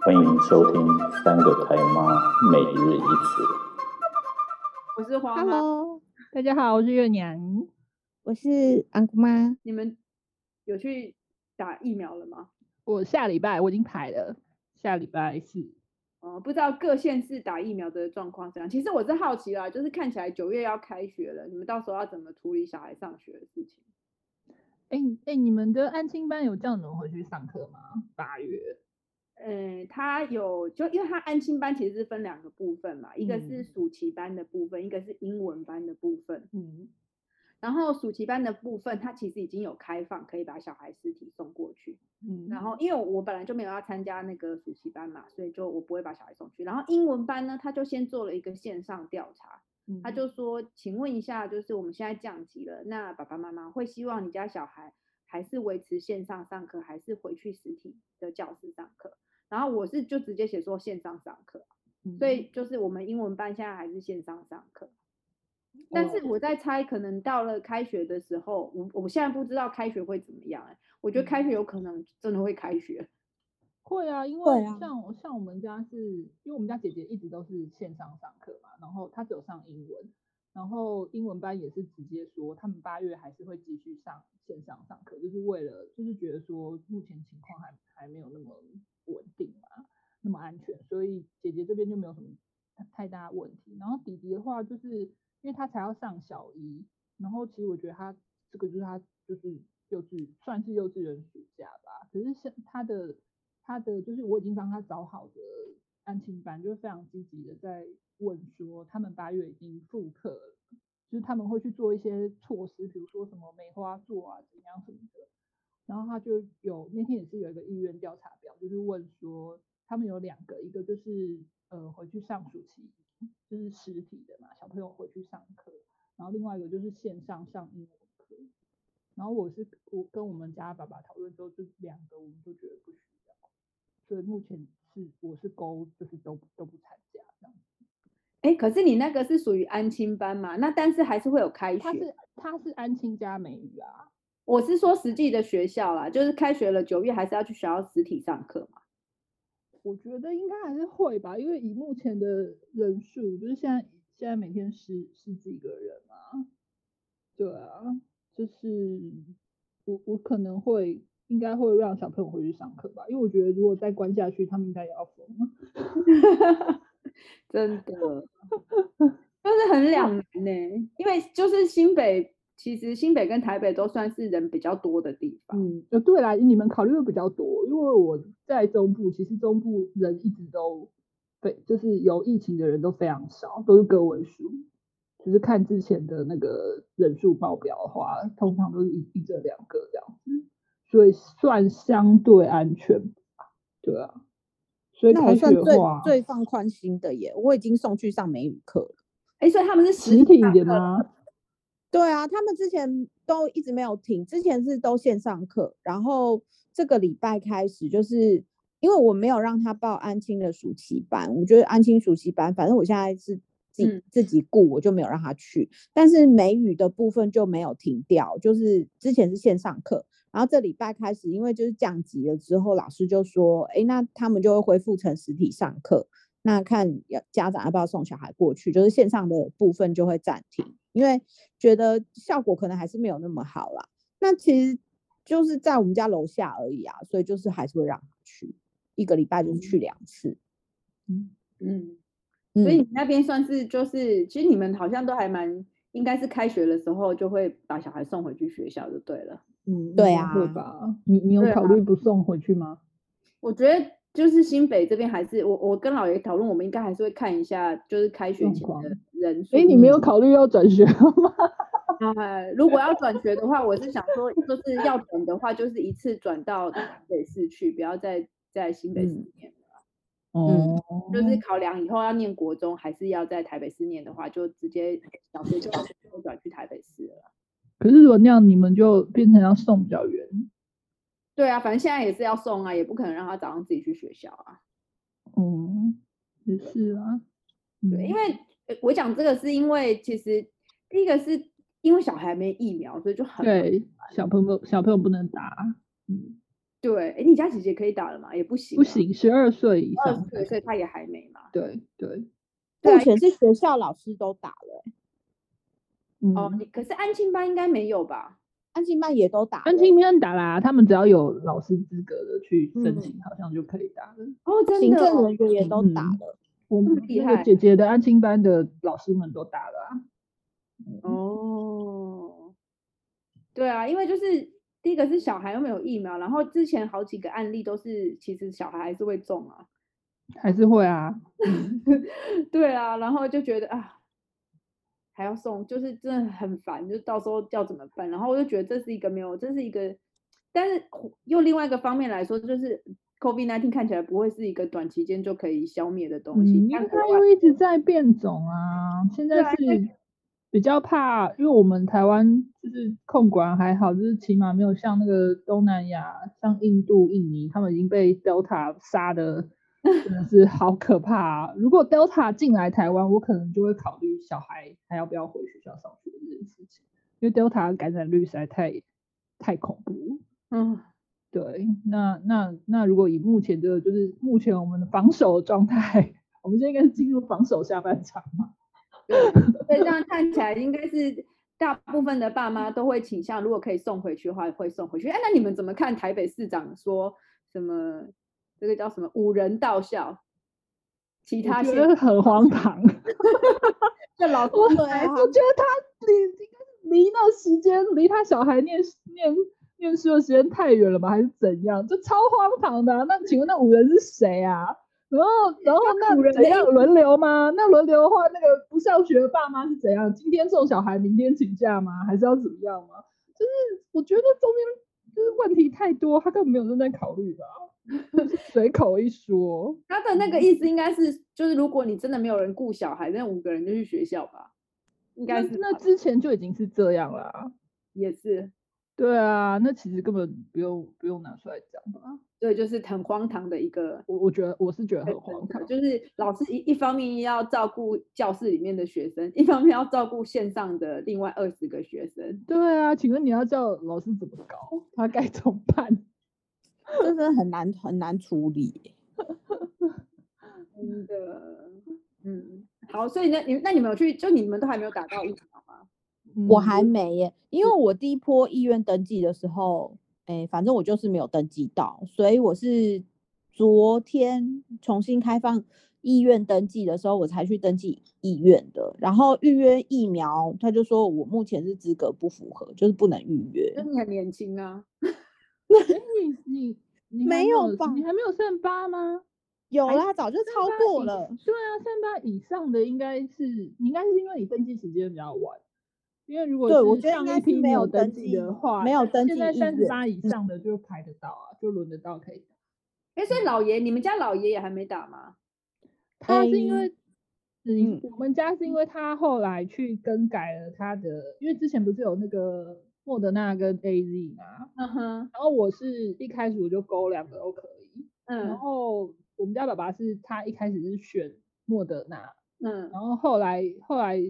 歡迎收聽《三個台媽每日一詞》。我是 Hello，大家好，我是月娘，我是安姑媽。你們有去打疫苗了嗎？我下禮拜我已經排了，下禮拜四。哦，不知道各縣市打疫苗的狀況怎樣。其實我是好奇啦，就是看起來九月要開學了，你們到時候要怎麼處理小孩上學的事情？哎、欸欸、你們的安親班有叫你們回去上課嗎？八月？嗯，他有就因為他安親班其實是分兩個部分嘛，嗯、一個是暑期班的部分，一個是英文班的部分。嗯，然後暑期班的部分，他其實已經有開放可以把小孩實體送過去。嗯，然後因為我本來就沒有要參加那個暑期班嘛，所以就我不會把小孩送去。然後英文班呢，他就先做了一個線上調查，他就說，請問一下，就是我們現在降級了，那爸爸媽媽會希望你家小孩？還是維持線上上課，還是回去實體的教室上課？然後我是就直接寫說線上上課，所以就是我們英文班現在還是線上上課。但是我在猜，可能到了開學的時候，我我現在不知道開學會怎麼樣。哎，我覺得開學有可能真的會開學。會啊，因為像像我們家是，因為我們家姐姐一直都是線上上課嘛，然後她只有上英文，然後英文班也是直接說他們八月還是會繼續上。線上上課就是為了，就是覺得說目前情況還還沒有那麼穩定嘛，那麼安全，所以姐姐這邊就沒有什麼太大問題。然後弟弟的話，就是因為他才要上小一，然後其實我覺得他這個就是他就是幼稚、就是就是，算是幼稚園暑假吧。可是現他的他的就是我已經幫他找好的安親班，就是非常積極的在問說他們八月已經復課了。就是他們會去做一些措施，比如說什麼梅花座啊，怎樣什麼的。然後他就有那天也是有一個意願調查表，就是問說他們有兩個，一個就是呃回去上暑期，就是實體的嘛，小朋友回去上課。然後另外一個就是線上上英文課。然後我是我跟我們家爸爸討論之後，這兩個我們都覺得不需要，所以目前是我是勾，就是都都不參加這樣子。哎、欸，可是你那個是屬於安親班嘛？那但是還是會有開學。他是他是安親加美語啊。我是說實際的學校啦，就是開學了九月還是要去學校實體上課嘛。我覺得應該還是會吧，因為以目前的人數，就是現在現在每天十十幾個人嘛、啊。對啊，就是我我可能會應該會讓小朋友回去上課吧，因為我覺得如果再關下去，他們應該也要瘋了。 真的， 就是很兩難呢， 因為就是新北，其實新北跟台北都算是人比較多的地方。嗯，對啦，你們考慮的比較多，因為我在中部，其實中部人一直都就是有疫情的人都非常少，都是個位數。只是看之前的那個人數報表的話，通常都是一一這兩個這樣子，所以算相對安全吧。對啊。那還算最最放寬心的耶！我已經送去上美語課了。誒、欸，所以他們是實體的嗎？對啊，他們之前都一直沒有停，之前是都線上課，然後這個禮拜開始，就是因為我沒有讓他報安親的暑期班，我覺得安親暑期班，反正我現在是自己，嗯、自己顧，我就沒有讓他去。但是美語的部分就沒有停掉，就是之前是線上課。然後這禮拜開始，因為就是降級了之後，老師就說：“哎、欸，那他們就會恢復成實體上課。那看家長要不要送小孩過去，就是線上的部分就會暫停，因為覺得效果可能還是沒有那麼好啦。那其實就是在我們家樓下而已啊，所以就是還是會讓他去一個禮拜，就是去兩次。嗯嗯，嗯，所以你那邊算是就是，其實你們好像都還蠻，應該是開學的時候就會把小孩送回去學校就對了。”嗯，對啊，會吧？你你有考慮不送回去嗎？我覺得就是新北這邊還是我我跟老爺討論，我們應該還是會看一下，就是開學前的人狂所以、欸、你沒有考慮要轉學嗎？嗯，如果要轉學的話， 我是想說，就是要轉的話，就是一次轉到台北市去，不要再在新北市裡面了。嗯嗯、哦，就是考量以後要念國中，還是要在台北市念的話，就直接小學就轉去台北市了。可是如果那樣，你們就變成要送比較遠。對啊，反正現在也是要送啊，也不可能讓他早上自己去學校啊。嗯，也是啊。嗯、對，因為我講這個是因為其實第一個是因為小孩沒疫苗，所以就很、啊、對小朋友，小朋友不能打。嗯，對。哎、欸，你家姐姐可以打了嗎？也不行、啊，不行，十二歲以上。十二歲，歲他也還沒嘛。對對，對目前是學校老師都打了。哦嗯、可是安親班應該沒有吧？安親班也都打了，安親班打啦，啊，他們只要有老師資格的去申請，嗯、好像就可以打了。哦，真的，行政人也都打了。嗯、害我們那個姐姐的安親班的老師們都打了，啊。嗯、哦，對啊，因為就是第一個是小孩又沒有疫苗，然後之前好幾個案例都是，其實小孩還是會中啊，還是會啊。嗯、 對啊，然後就覺得啊。還要送，就是真的很煩，就到時候要怎麼辦？然後我就覺得這是一個沒有，這是一個，但是又另外一個方面來說，就是 COVID-19 看起來不會是一個短期間就可以消滅的東西，因為它又一直在變種啊。現在是比較怕，因為我們台灣就是控管還好，就是起碼沒有像那個東南亞、像印度、印尼，他們已經被 Delta 殺的。真的是好可怕啊！如果 Delta 進來台灣，我可能就會考慮小孩還要不要回學校上學這件事情，因為 Delta 感染率實在太太恐怖。嗯，對。那那那如果以目前的，就是目前我們的防守狀態，我們現在應該是進入防守下半場嘛對。對，這樣看起來應該是大部分的爸媽都會傾向，如果可以送回去的話，會送回去。哎、欸，那你們怎麼看台北市長說什麼？這個叫什麼五人到校，其他我覺得很荒唐。那 老公、啊，我覺得他應該是離，離那時間，離他小孩念念念書的時間太遠了吧，還是怎樣？就超荒唐的、啊。那請問那五人是誰啊？ 然後，然後那怎樣輪流嗎？ 那輪流的話，那個不上學的爸媽是怎樣？今天送小孩，明天請假嗎？還是要怎麼樣嗎？就是我覺得中間就是問題太多，他根本沒有認真考慮的、啊。隨 口一說，他的那個意思應該是，嗯、就是如果你真的沒有人顧小孩，那五個人就去學校吧，應該是。那之前就已經是這樣了，也是。對啊，那其實根本不用不用拿出來講嘛。對，就是很荒唐的一個，我我覺得我是覺得很荒唐，就是老師一一方面要照顧教室裡面的學生，一方面要照顧線上的另外二十個學生。對啊，請問你要叫老師怎麼搞，他該怎麼辦？ 真的很難很難處理。欸，真 、嗯、的。嗯，好，所以那你們那你們有去，就你們都還沒有打到疫苗嗎？我還沒耶。欸，因為我第一波意願登記的時候，哎，欸，反正我就是沒有登記到，所以我是昨天重新開放意願登記的時候，我才去登記意願。的然後預約疫苗，他就說我目前是資格不符合，就是不能預約。那你很年輕啊。哎、 欸，你你沒有吧？你還沒有三八嗎？有啦，早就超過了。8 8對啊，三八以上的應該是，應該是因為你登記時間比較晚。因為如果是像一批有沒有登記的話，沒有登記，現在三十八以上的就排得到啊，嗯、就輪得到可以哎、欸，所以老爺，嗯、你們家老爺也還沒打嗎？他是因為，嗯，我們家是因為他後來去更改了他的，因為之前不是有那個。莫德納跟 A Z 嘛，uh huh. 然後我是一開始我就勾兩個都可以，嗯、uh，huh. 然後我們家爸爸是他一開始是選莫德納，嗯、uh，huh. 然後後來後來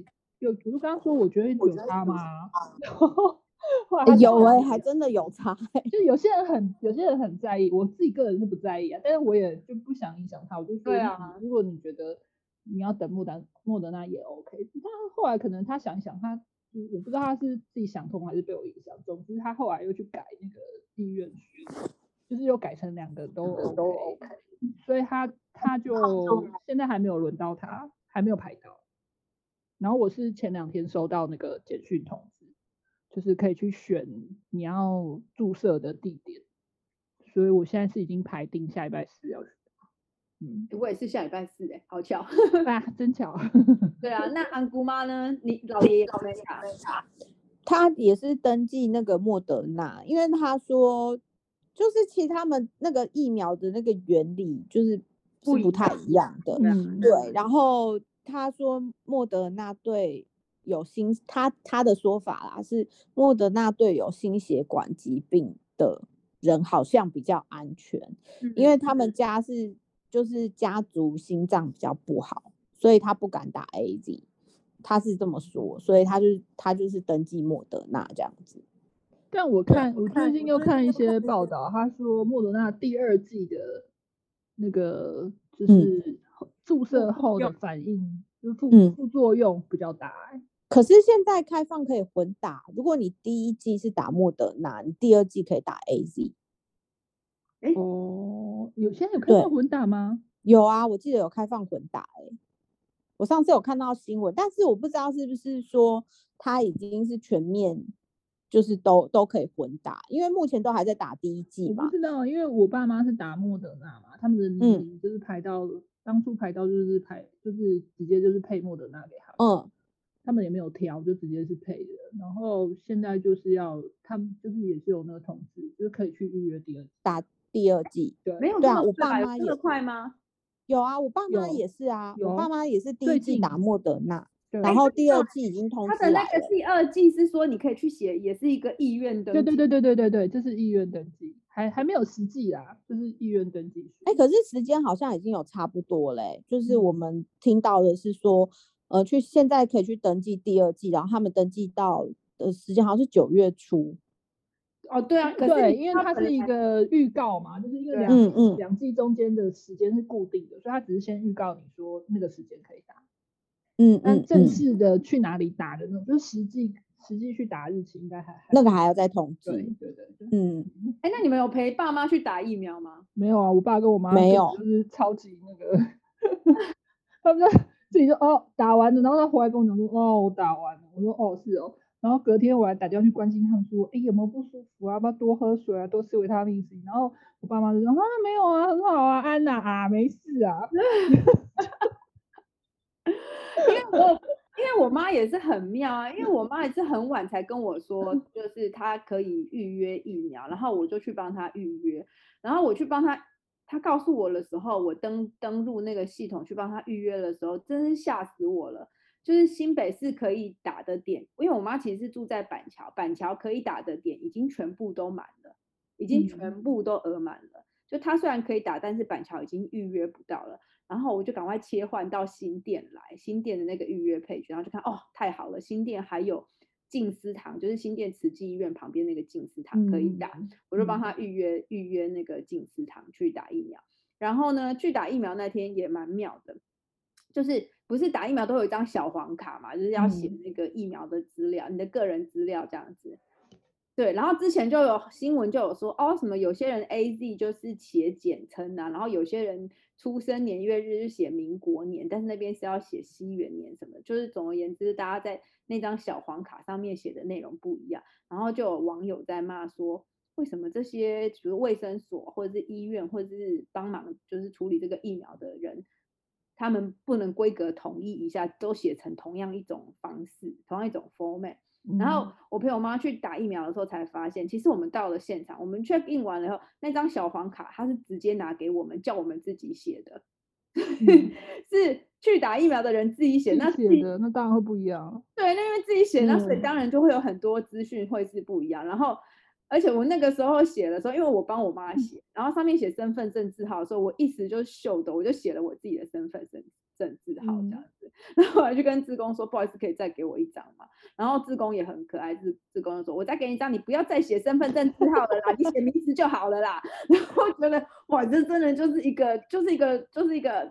就不是剛說我覺得有差嗎？有哎、 欸，還真的有差，欸，就有些人很有些人很在意，我自己個人是不在意啊，但是我也就不想影響他，我就說呀，啊、如果你覺得你要等莫丹莫德納也 O、OK、K，他後來可能他想一想他。我不知道他是自己想通還是被我影響中，其實他後來又去改那個醫院去，就是又改成兩個都都 OK，, 都 OK 所以他他就現在還沒有輪到他，還沒有排到，然後我是前兩天收到那個簡訊通知，就是可以去選你要注射的地點，所以我現在是已經排定下禮拜四要去。嗯欸、我也是下禮拜四哎、欸，好巧， 啊、真巧。 對啊，那安姑媽呢？你老爺爺？老爺爺，他也是登記那個莫德納，因為他說，就是其實他們那個疫苗的那個原理就是是不太一樣的。對。對然後他說莫德納對有心他他的說法啦，是莫德納對有心血管疾病的人好像比較安全，嗯、因為他們家是。就是家族心臟比較不好，所以他不敢打 A Z，他是這麼說，所以他就是他就是登記莫德納這樣子。但我看我最近又看一些報道，他說莫德納第二季的，那個就是注射後的反應，嗯、就副副作用比較大、欸。可是現在開放可以混打，如果你第一季是打莫德納，你第二季可以打 A Z。哦、嗯。有，現在有開放混打嗎？有啊，我記得有開放混打哎、欸。我上次有看到新聞，但是我不知道是不是,是說他已經是全面，就是都都可以混打，因為目前都還在打第一劑嘛。我不知道，因為我爸媽是打莫德納嘛，他們的嗯，就是排到、嗯、當初排到就是排就是直接就是配莫德納給他們，嗯，他們也沒有挑，就直接是配的。然後現在就是要他們就是也是有那個通知，就是可以去預約第二劑打。第二季沒有、欸、對，對啊，我爸媽有這麼快嗎？有啊，我爸媽也是啊，我爸媽也是第一季拿莫德納，對然後第二季已經通知了。他的那個第二季是說你可以去寫，也是一個意願的。對對對對對對對，這是意願登記，還還沒有實際啦、啊，這是意願登記。哎、欸，可是時間好像已經有差不多嘞、欸，就是我們聽到的是說，呃，去現在可以去登記第二季，然後他們登記到的時間好像是九月初。哦，對啊，對，因為它是一個預告嘛，就是一個兩兩劑中間的時間是固定的，所以它只是先預告你說那個時間可以打。嗯，那正式的去哪裡打的那種，就是實際實際去打日期應該還那個還要再通知。對對對，嗯。哎，那你們有陪爸媽去打疫苗嗎？沒有啊，我爸跟我媽沒有，就是超級那個，他們自己說哦打完了，然後他回來跟我講說哦打完了，我說哦是哦。然後隔天我還打電話去關心他們說，哎，有沒有不舒服啊？要不要多喝水啊？多吃維他命 c。然後我爸媽就說啊，沒有啊，很好啊，安娜啊，沒事啊。 因為我因為我媽也是很妙啊，因為我媽也是很晚才跟我說，就是她可以預約疫苗，然後我就去幫她預約。然後我去幫她，她告訴我的時候，我登登錄那個系統去幫她預約的時候，真是嚇死我了。就是新北市可以打的點，因為我媽其實是住在板橋，板橋可以打的點已經全部都滿了，已經全部都額滿了。就她雖然可以打，但是板橋已經預約不到了。然後我就趕快切換到新店來，新店的那個預約配置，然後就看哦，太好了，新店還有靜思堂，就是新店慈濟醫院旁邊那個靜思堂可以打，我就幫她預約預約那個靜思堂去打疫苗。然後呢，去打疫苗那天也蠻妙的，就是。不是打疫苗都有一張小黃卡嘛，就是要寫那個疫苗的資料，嗯、你的個人資料這樣子。對，然後之前就有新聞就有說，哦，什麼有些人 AZ 就是寫簡稱吶、啊，然後有些人出生年月日是寫民國年，但是那邊是要寫西元年什麼，就是總而言之，大家在那張小黃卡上面寫的內容不一樣。然後就有網友在罵說，為什麼這些比如衛生所或者是醫院或者是幫忙就是處理這個疫苗的人，他們不能規格統一一下，都寫成同樣一種方式，同樣一種 format。然後我陪我媽去打疫苗的時候，才發現，其實我們到了現場，我們 check in 完了以後，那張小黃卡，他是直接拿給我們，叫我們自己寫的，嗯、 是去打疫苗的人自己寫。那寫的那，那當然會不一樣。對，那因為自己寫，嗯、那所以當然就會有很多資訊會是不一樣。然後。而且我那個時候寫的時候，因為我幫我媽寫，然後上面寫身份證字號的時候，我一時就秀逗，我就寫了我自己的身份證證字號這樣子。然後我就跟志工說：“不好意思，可以再給我一張嗎？”然後志工也很可愛，志志工就說：“我再給你一張，你不要再寫身份證字號了啦， 你寫名字就好了啦。”然後覺得哇，這真的就是一個，就是一個，就是一個。就是一個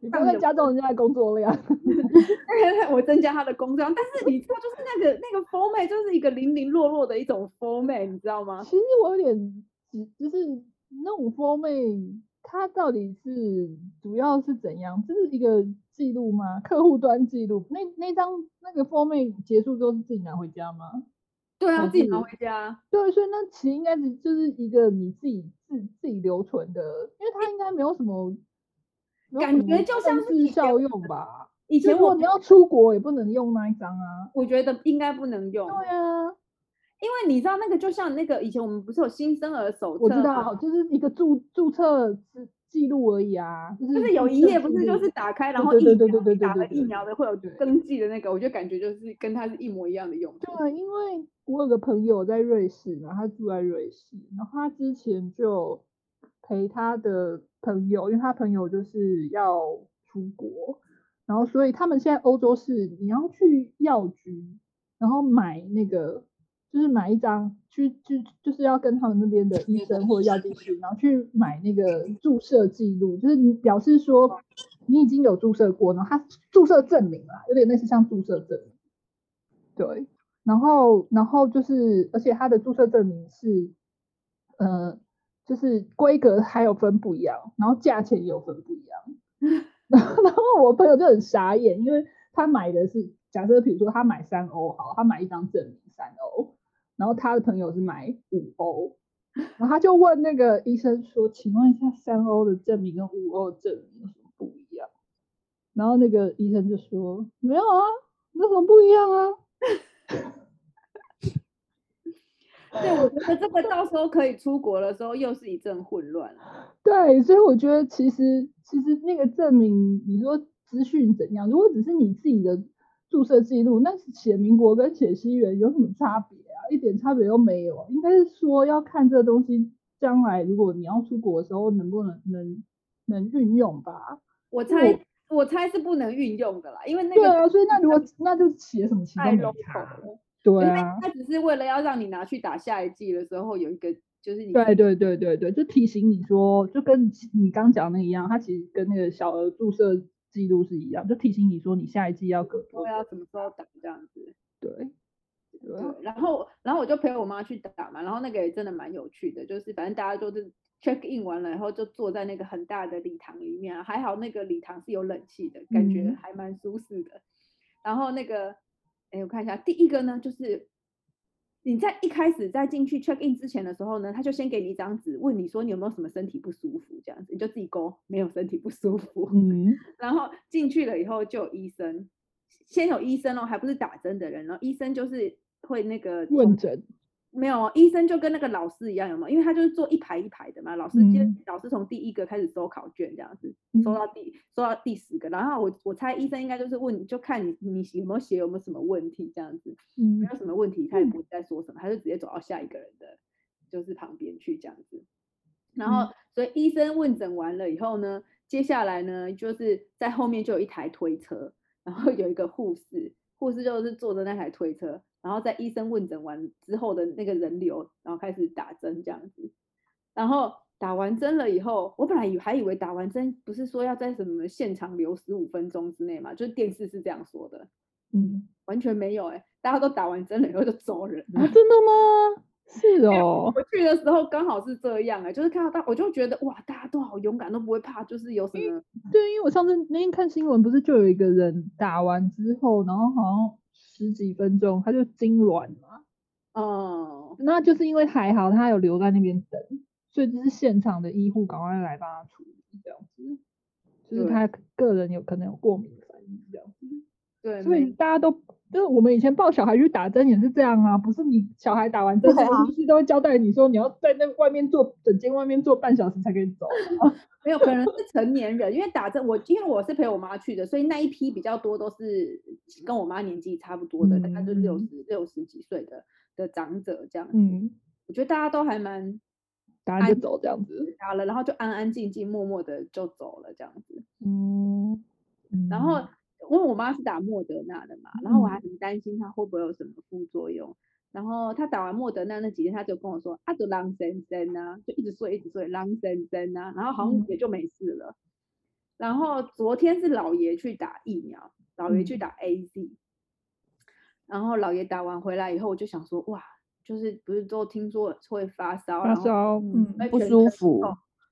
你正在加重人家的工作量， 我增加他的工作量。 但是你，他就是那個那個 format 就是一個零零落落的一種 format，你知道嗎？其實我有點，就是那種 format 它到底是主要是怎樣？就是一個記錄嗎？客戶端記錄？那那張那個 format 結束之後，是自己拿回家嗎？對啊，是自己拿回家。對，所以那其實應該是就是一個你自己自己自己留存的，因為它應該沒有什麼。感覺就像是效用吧。以前我們要出國也不能用那一張啊。我覺得應該不能用。對啊，因為你知道那個就像那個以前我們不是有新生兒手冊，我知道，就是一個注注冊是記錄而已啊。嗯、就是有一頁，不是就是打開、嗯、然後疫苗，對對對對對，對，打了疫苗的會有登記的那個，我就感覺就是跟它是一模一樣的用。對，因為我有個朋友在瑞士嘛，他住在瑞士，然後他之前就陪他的。朋友，因為他朋友就是要出國，然後所以他們現在歐洲是你要去藥局，然後買那個，就是買一張去去，就是要跟他們那邊的醫生或者藥劑師，然後去買那個注射記錄，就是你表示說你已經有注射過，然後他注射證明嘛，有點類似像注射證明。對，然後然後就是，而且他的注射證明是，呃。就是規格還有分不一樣，然後價錢也有分不一樣。然後，然後我朋友就很傻眼，因為他買的是，假設比如說他買三歐，好，他買一張證明三歐，然後他的朋友是買五歐，然後他就問那個醫生說，請問一下，三歐的證明跟五歐的證明有什麼不一樣？然後那個醫生就說，沒有啊，有什麼不一樣啊？對，我覺得這個到時候可以出國的時候又是一陣混亂。 對，所以我覺得其實其實那個證明，你說資訊怎樣？如果只是你自己的注射記錄，那寫民國跟寫西元有什麼差別啊？一點差別都沒有。應該是說要看這個東西，將來，如果你要出國的時候能不能能能運用吧。我猜我，我猜是不能運用的啦，因為那個。對啊，所以那如果那就是寫什麼其他。對啊，因為他只是為了要讓你拿去打下一劑的時候有一個，就是你對對對對對，就提醒你說，就跟你剛講那一樣，他其實跟那個小兒注射記錄是一樣，就提醒你說你下一劑要隔多久、怎說要什麼時候打這樣子對。對對，然後然後我就陪我媽去打嘛，然後那個也真的蠻有趣的，就是反正大家就是 check in 完了，然後就坐在那個很大的禮堂裡面，啊，還好那個禮堂是有冷氣的，嗯、感覺還蠻舒適的，然後那個。哎、欸，我看一下，第一個呢，就是你在一開始在進去 check in 之前的時候呢，他就先給你一張紙，問你說你有沒有什麼身體不舒服這樣子，你就自己勾，沒有身體不舒服。嗯，然後進去了以後就有醫生，先有醫生哦，還不是打針的人，然後醫生就是會那個問診。沒有，醫生就跟那個老師一樣，有沒有？因為他就是坐一排一排的嘛，老師接、嗯、老師從第一個開始收考卷，這樣子收到第收到第十個，然後我我猜醫生應該就是問，就看你你有沒有寫，有沒有什麼問題這樣子，沒有什麼問題，他也不再說什麼，嗯、他就直接走到下一個人的，就是旁邊去這樣子，然後所以醫生問診完了以後呢，接下來呢就是在後面就有一台推車，然後有一個護士，護士就是坐着那台推車。然後在醫生問診完之後的那個人流，然後開始打針這樣子，然後打完針了以後，我本來以還以為打完針不是說要在什麼現場留十五分鐘之內嘛，就是電視是這樣說的，嗯，完全沒有哎、欸，大家都打完針了以後就走人了。啊，真的嗎？是哦，我去的時候剛好是這樣哎、欸，就是看到大我就覺得哇，大家都好勇敢，都不會怕，就是有什麼，對，因為我上次那天看新聞不是就有一個人打完之後，然後好像。十幾分鐘，他就痙攣了哦，oh. 那就是因為還好他有留在那邊等，所以就是現場的醫護趕快來幫他處理這樣子，就是他個人有可能有過敏反應這樣子，對，所以大家都。就是我們以前抱小孩去打針也是這樣啊，不是你小孩打完針，護士好都會交代你說，你要在那外面坐整間外面坐半小時才可以走。啊。 沒有，可能是成年人， 因為打針我因為我是陪我媽去的，所以那一批比較多都是跟我媽年紀差不多的，嗯、大概就六十六十幾歲的的長者這樣子。嗯，我覺得大家都還蠻，打就走這樣子，打了然後就安安靜靜默默的就走了這樣子。嗯，嗯然後。因為我媽是打莫德納的嘛，然後我還很擔心她會不會有什麼副作用。嗯、然後她打完莫德納那幾天，她就跟我說：“啊，就浪震震吶，就一直睡，一直睡，浪震震吶。”然後好像也就沒事了。嗯、然後昨天是老爺去打疫苗，老爺去打 AZ、嗯、然後老爺打完回來以後，我就想說：“哇，就是不是都聽說會發燒，發燒，後嗯，不舒服，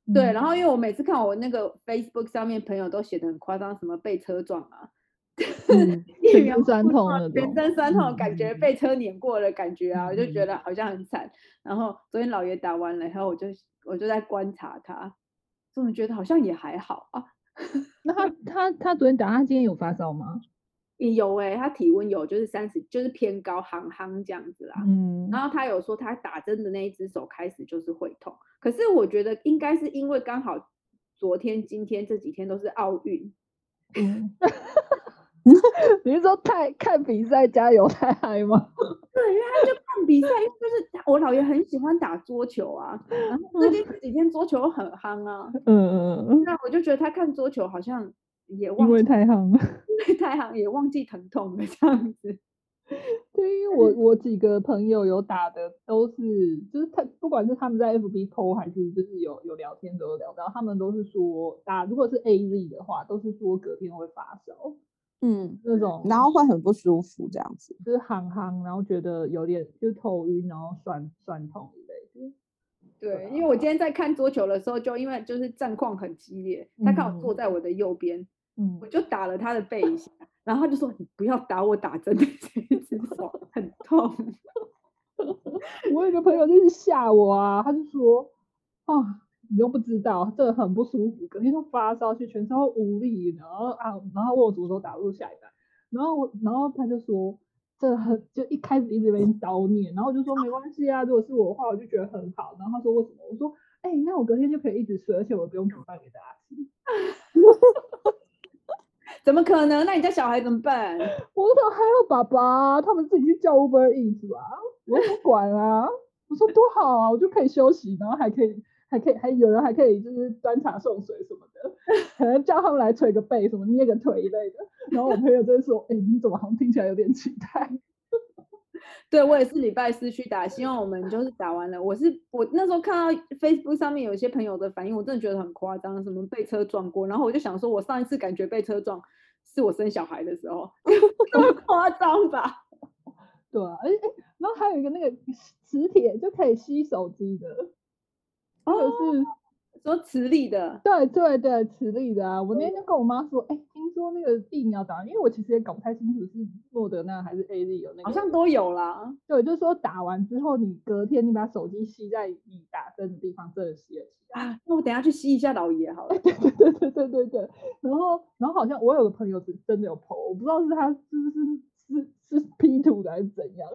嗯、對。”然後因為我每次看我那個 Facebook 上面朋友都寫得很誇張，什麼被車撞啊。 全身酸痛，人身酸痛，感覺被車碾過的感覺啊，我就覺得好像很慘。然後昨天老爺打完了，然後我就我就在觀察他，總覺得好像也還好啊。 那他他他昨天打，他今天有發燒嗎？ 有哎、欸，他體溫有，就是三十，就是偏高，夯夯這樣子啦。嗯。然後他有說他打針的那一只手開始就是會痛，可是我覺得應該是因為剛好昨天、今天這幾天都是奧運。嗯 你是說太看比賽加油太嗨嗎？ 對，因為他就看比賽，因為 就是我老爺很喜歡打桌球啊，然後 最近這幾天桌球很夯啊。嗯嗯嗯。那我就覺得他看桌球好像也忘因為太夯了，因為太夯也忘記疼痛的這樣子。對， 因為我我幾個朋友有打的都是，就是他不管是他們在 FB po 還是就是有有聊天都有聊到，他們都是說打如果是 AZ 的話，都是說隔天會發燒。嗯，那種，然後會很不舒服，這樣子，就是晃晃，然後覺得有點就是、頭暈，然後酸酸痛一類的。對，對啊、因為我今天在看桌球的時候，就因為就是戰況很激烈，嗯、他剛好坐在我的右邊，嗯、我就打了他的背一下，嗯、然後他就說，你不要打我打針的這一隻手， 很痛。 我有個朋友就是嚇我啊，他就說啊。你又不知道，這很不舒服，隔天又發燒，全身都無力，然後啊，然後問我什麼時候打入下一代，然後我，然後他就說，這很，就一開始一直被邊叨念，然後我就說沒關係啊，如果是我的話，我就覺得很好，然後他說為什麼？我說，哎、欸，那我隔天就可以一直吃，而且我不用煮飯給大家吃。 怎麼可能？那你家小孩怎麼辦？我還有爸爸，他們自己去叫 Uber Eats 吧、啊，我不管啊，我說多好啊，我就可以休息，然後還可以。還可以，還有人還可以，就是端茶送水什麼的，叫他們來捶個背、什麼捏個腿一類的。然後我朋友就說：“哎、 欸，你怎麼好像聽起來有點期待？”對，我也是禮拜四去打，希望我們就是打完了。我是我那時候看到 Facebook 上面有一些朋友的反應，我真的覺得很誇張，什麼被車撞過。然後我就想說，我上一次感覺被車撞，是我生小孩的時候，這麼誇張吧？ 對啊、欸，然後還有一個那個磁鐵就可以吸手機的。那個是說磁力的，對對對，磁力的啊！我那天就跟我媽說，哎，聽說那個疫苗打，因為我其實也搞不太清楚是莫德納還是 AZ 有那個，好像都有啦。對，就是說打完之後，你隔天你把手機吸在你打針的地方這些，這樣吸啊。那我等一下去吸一下，老爺好了。對 對對對對對對。然後，然後好像我有個朋友真真的有剖，我不知道是他是不是。是是 P 圖還是怎樣？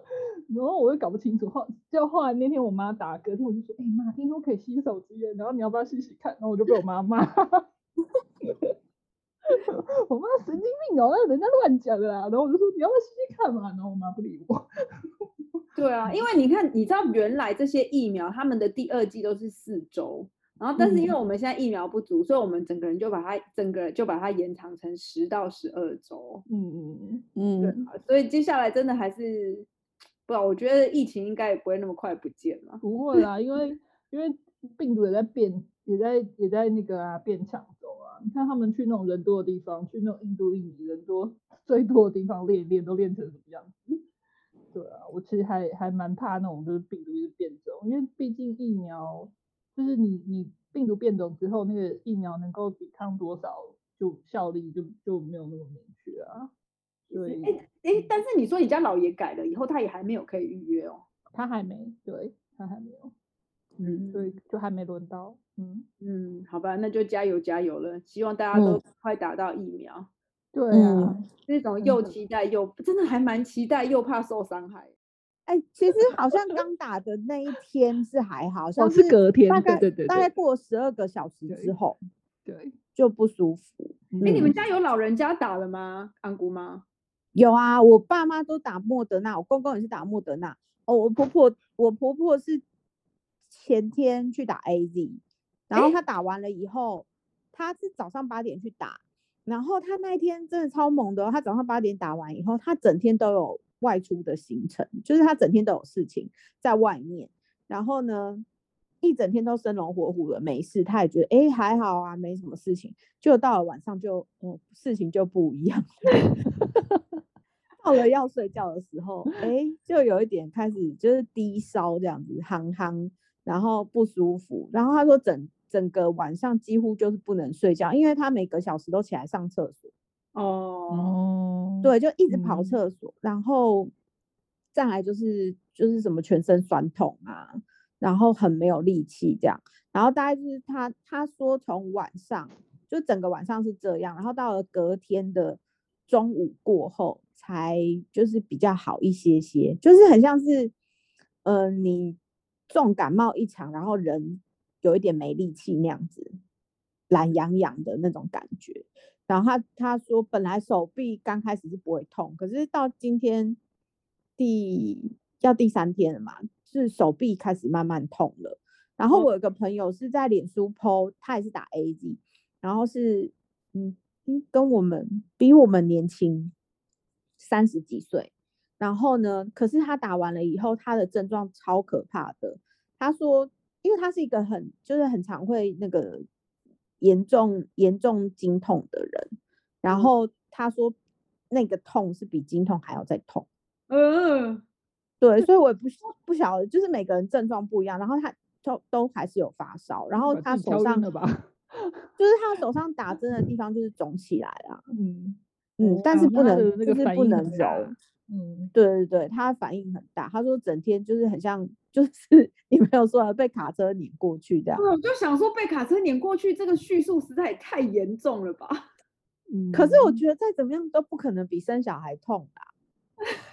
然後我又搞不清楚。後就後來那天我媽打給我，我就說：“哎、欸、媽，聽說可以洗手液，然後你要不要試試看？”然後我就被我媽罵。 我媽神經病哦，那人家亂講的啦。然後我就說：“你要不要試試看嘛？”然後我媽不理我。 對啊，因為你看，你知道原來這些疫苗，它們的第二劑都是四周。然後，但是因為我們現在疫苗不足，嗯、所以我們整個人就把它，整個就把它延長成十到十二周。嗯嗯嗯嗯，嗯對。所以接下來真的還是，不好，我覺得疫情應該也不會那麼快不見了。不會啦， 因為因為病毒也在變，也在也在那個啊變強中啊。你看他們去那種人多的地方，去那種印度、印尼人多最多的地方練練，都練成什麼樣子？對啊，我其實還還蠻怕那種就是病毒一直變種，因為畢竟疫苗。就是你，你病毒變種之後，那個疫苗能夠抵抗多少，就效力就就沒有那麼明確啊。對，哎、欸欸，但是你說你家老爺改了以後，他也還沒有可以預約哦。他還沒，對，他還沒有，嗯，所以就還沒輪到，嗯嗯，好吧，那就加油加油了，希望大家都快打到疫苗。對啊，那種又期待又真的還蠻期待，又怕受傷害。哎、欸，其實好像剛打的那一天是還好，像是隔天，大概大概過了十二個小時之後，對就不舒服。哎，你們家有老人家打了嗎？安姑嗎？有啊，我爸媽都打莫德納，我公公也是打莫德納。哦，我婆婆，我婆婆是前天去打 AZ，然後她打完了以後，她是早上八點去打，然後她那一天真的超猛的，她早上八點打完以後，她整天都有。外出的行程，就是他整天都有事情在外面，然後呢，一整天都生龍活虎的，沒事，他也覺得哎還好啊，沒什麼事情。就到了晚上就，就、嗯、事情就不一樣 到了要睡覺的時候，哎，就有一點開始就是低燒這樣子，哼哼，然後不舒服。然後他說整整個晚上幾乎就是不能睡覺，因為他每個小時都起來上廁所。哦，oh, oh. 對，就一直跑廁所，嗯、然後再來就是就是什麼全身酸痛啊，然後很沒有力氣這樣，然後大概就是他他說從晚上就整個晚上是這樣，然後到了隔天的中午過後才就是比較好一些些，就是很像是，呃，你重感冒一場，然後人有一點沒力氣那樣子，懶洋洋的那種感覺。然後他他說本來手臂剛開始是不會痛，可是到今天第要第三天了嘛，是手臂開始慢慢痛了。然後我有個朋友是在臉書 PO，他也是打 AZ，然後是嗯嗯跟我們比我們年輕三十幾歲，然後呢，可是他打完了以後，他的症狀超可怕的。他說，因為他是一個很就是很常會那個。嚴重嚴重經痛的人，然後他說那個痛是比經痛還要再痛。嗯，對，所以我不不曉得，就是每個人症狀不一樣，然後他都都還是有發燒，然後他手上吧，就是他手上打針的地方就是腫起來了啊，嗯嗯，但是不能，啊，就是不能揉。嗯，對對對，他反應很大。他說整天就是很像，就是你沒有說要被卡車碾過去這樣，嗯。我就想說被卡車碾過去這個敘述實在也太嚴重了吧？嗯、可是我覺得再怎麼樣都不可能比生小孩痛的，啊。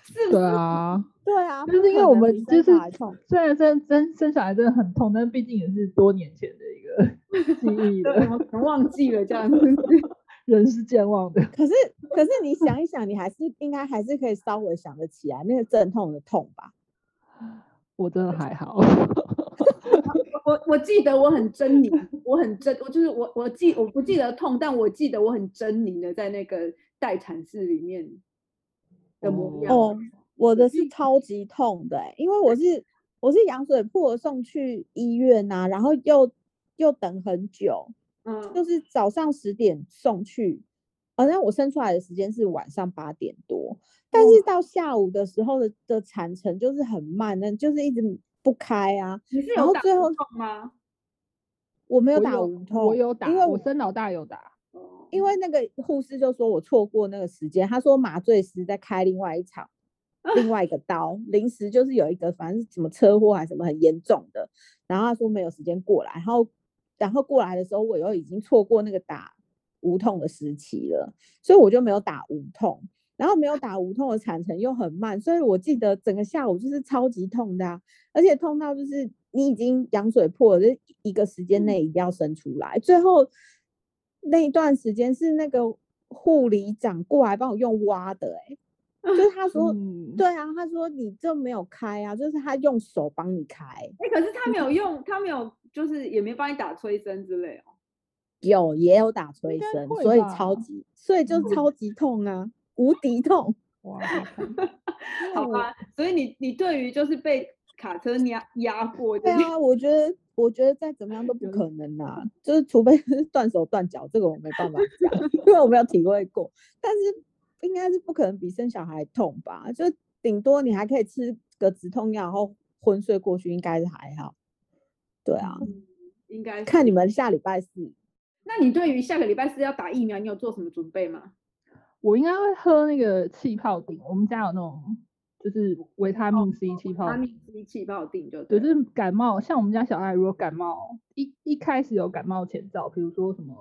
是啊，對啊，對啊，就是因為生小孩痛我們就是雖然生生生小孩真的很痛，但畢竟也是多年前的一個記憶了， 我忘記了這樣子。 人是健忘的，可是可是你想一想，你還是應該還是可以稍微想得起來那個陣痛的痛吧？我真的還好， 我我記得我很猙獰，我很猙，我就是我我記我不記得痛，但我記得我很猙獰的在那個待產室裡面的模樣。哦，我的是超級痛的、欸，因為我是對我是羊水破送去醫院吶、啊，然後又又等很久。嗯、就是早上十點送去，啊，那我生出來的時間是晚上八點多，但是到下午的時候的哇的產程就是很慢，那就是一直不開啊。然後最後痛嗎？我沒有打無痛，我有，我有打，因為我生老大有打。嗯、因為那個護士就說我錯過那個時間，他說麻醉師在開另外一場，啊、另外一個刀，臨時就是有一個，反正是什麼車禍還是什麼很嚴重的，然後他說沒有時間過來，然後。然後過來的時候，我又已經錯過那個打無痛的時期了，所以我就沒有打無痛。然後沒有打無痛的產程又很慢，所以我記得整個下午就是超級痛的，啊，而且痛到就是你已經羊水破了，就一個時間內一定要生出來。嗯、最後那一段時間是那個護理長過來幫我用挖的，欸，哎，就是他說，嗯、對啊，他說你這沒有開啊，就是他用手幫你開。哎，欸，可是他沒有用，嗯、他沒有。就是也沒幫你打催生之類哦？有，也有打催生，所以超級，所以就超級痛啊，嗯、無敵痛哇！好吧，所以你你對於就是被卡車壓壓過，就是、對啊，我覺得我覺得再怎麼樣都不可能啦、啊， 就是除非是斷手斷腳，這個我沒辦法講， 因為我沒有體會過。但是應該是不可能比生小孩痛吧？就頂多你還可以吃個止痛藥，然後昏睡過去，應該是還好。對啊，嗯、應該看你們下禮拜四。那你對於下個禮拜四要打疫苗，你有做什麼準備嗎？我應該會喝那個氣泡錠，我們家有那種，就是維他命 C 氣泡錠。維他命 C 氣泡錠就對。就是感冒，像我們家小孩如果感冒，一一開始有感冒前兆，比如說什麼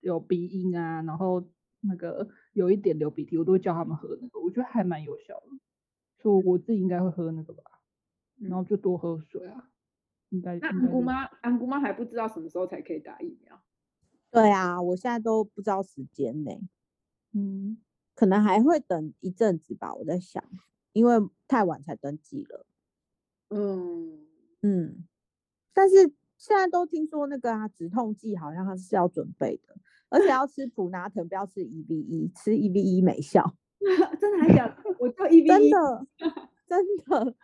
有鼻音啊，然後那個有一點流鼻涕，我都會叫他們喝那個，我覺得還蠻有效的。所以我自己應該會喝那個吧，然後就多喝水啊。嗯那姑媽，姑媽還不知道什麼時候才可以打疫苗。對啊，我現在都不知道時間呢、欸。嗯，可能還會等一陣子吧。我在想，因為太晚才登記了。嗯嗯，但是現在都聽說那個啊，止痛劑好像它是要準備的，而且要吃普拿疼，不要吃 EVE， 吃 EVE 沒效。 真的還想，我就 EVE，真的，真的，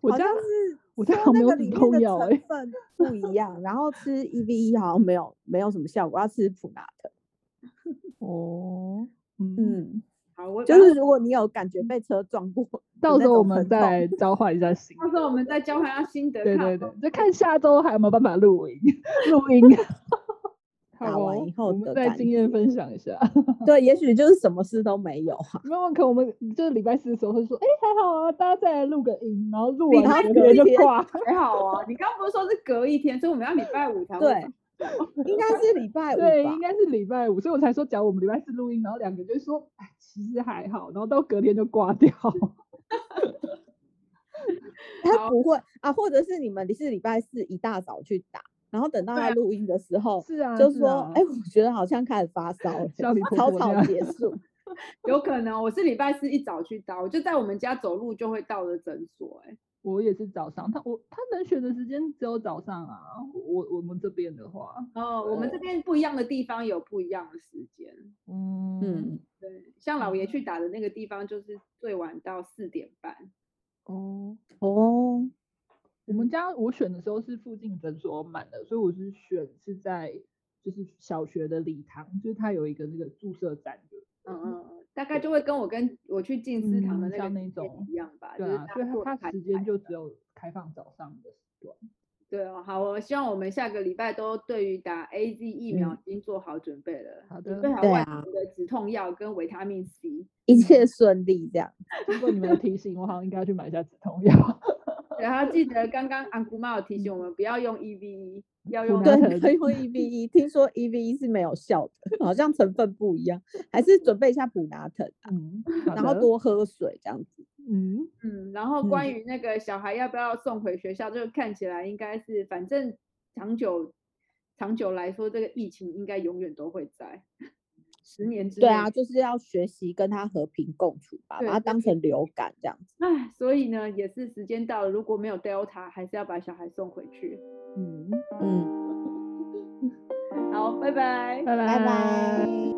我這像是。我那個裡面的成分不一樣， 然後吃 EVE 好像沒有沒有什麼效果，要吃普拿疼哦，嗯，我 就是如果你有感覺被車撞過，到時候我們再交換一下心。 到時候我們再交換一下心得，對對對， 就看下周還有沒有辦法錄音錄音。錄音 啊、打完以後你們再經驗分享一下。對，也許就是什麼事都沒有哈、啊。沒可我們就是禮拜四的時候會說，哎、欸，還好啊，大家再來錄個音，然後錄完隔天就掛。掛還好啊，你剛不是說是隔一天， 所以我們要禮拜五才會。對，應該是禮拜五，對，應該是禮拜五，所以我才說講我們禮拜四錄音，然後兩個就說，哎、欸，其實還好，然後到隔天就掛掉。 好他不會啊，或者是你們你是禮拜四一大早去打。然後等到他錄音的時候，啊是啊，就是說，哎、啊，我覺得好像開始發燒了，叫你草草結束， 有可能。我是禮拜四一早去到，我就在我們家走路就會到的診所。哎，我也是早上，他我他能選的時間只有早上啊。我我們這邊的話，哦，對我們這邊不一樣的地方有不一樣的時間。嗯嗯，對，像老爺去打的那個地方，就是最晚到四點半。哦、嗯、哦。我們家我選的時候是附近診所滿的，所以我是選是在就是小學的禮堂，就是它有一個那個注射站的。嗯嗯，大概就會跟我跟我去靜思堂的那種一樣吧。嗯、對啊，所以它時間就只有開放早上的時段。對，對哦，好哦，我希望我們下個禮拜都對於打 A Z 疫苗已經做好準備了。嗯、好的，準備好萬能的止痛藥跟維他命 C，一切順利這樣。 如果你們的提醒我，好像應該要去買一下止痛藥。然後 記得剛剛阿姑媽有提醒我們，不要用 E V E，要用對，不用 E V E。聽說 E V E 是沒有效的，好像成分不一樣，還是準備一下普拿疼嗯， 然後多喝水這樣子，嗯嗯。然後關於那個小孩要不要送回學校，嗯、就看起來應該是，反正長久長久來說，這個疫情應該永遠都會在。十年之內，對啊，就是要學習跟他和平共處吧，對把他當成流感這樣子。唉，所以呢，也是時間到了，如果沒有 Delta，還是要把小孩送回去。嗯嗯，嗯 好，拜，拜拜，拜拜。拜拜。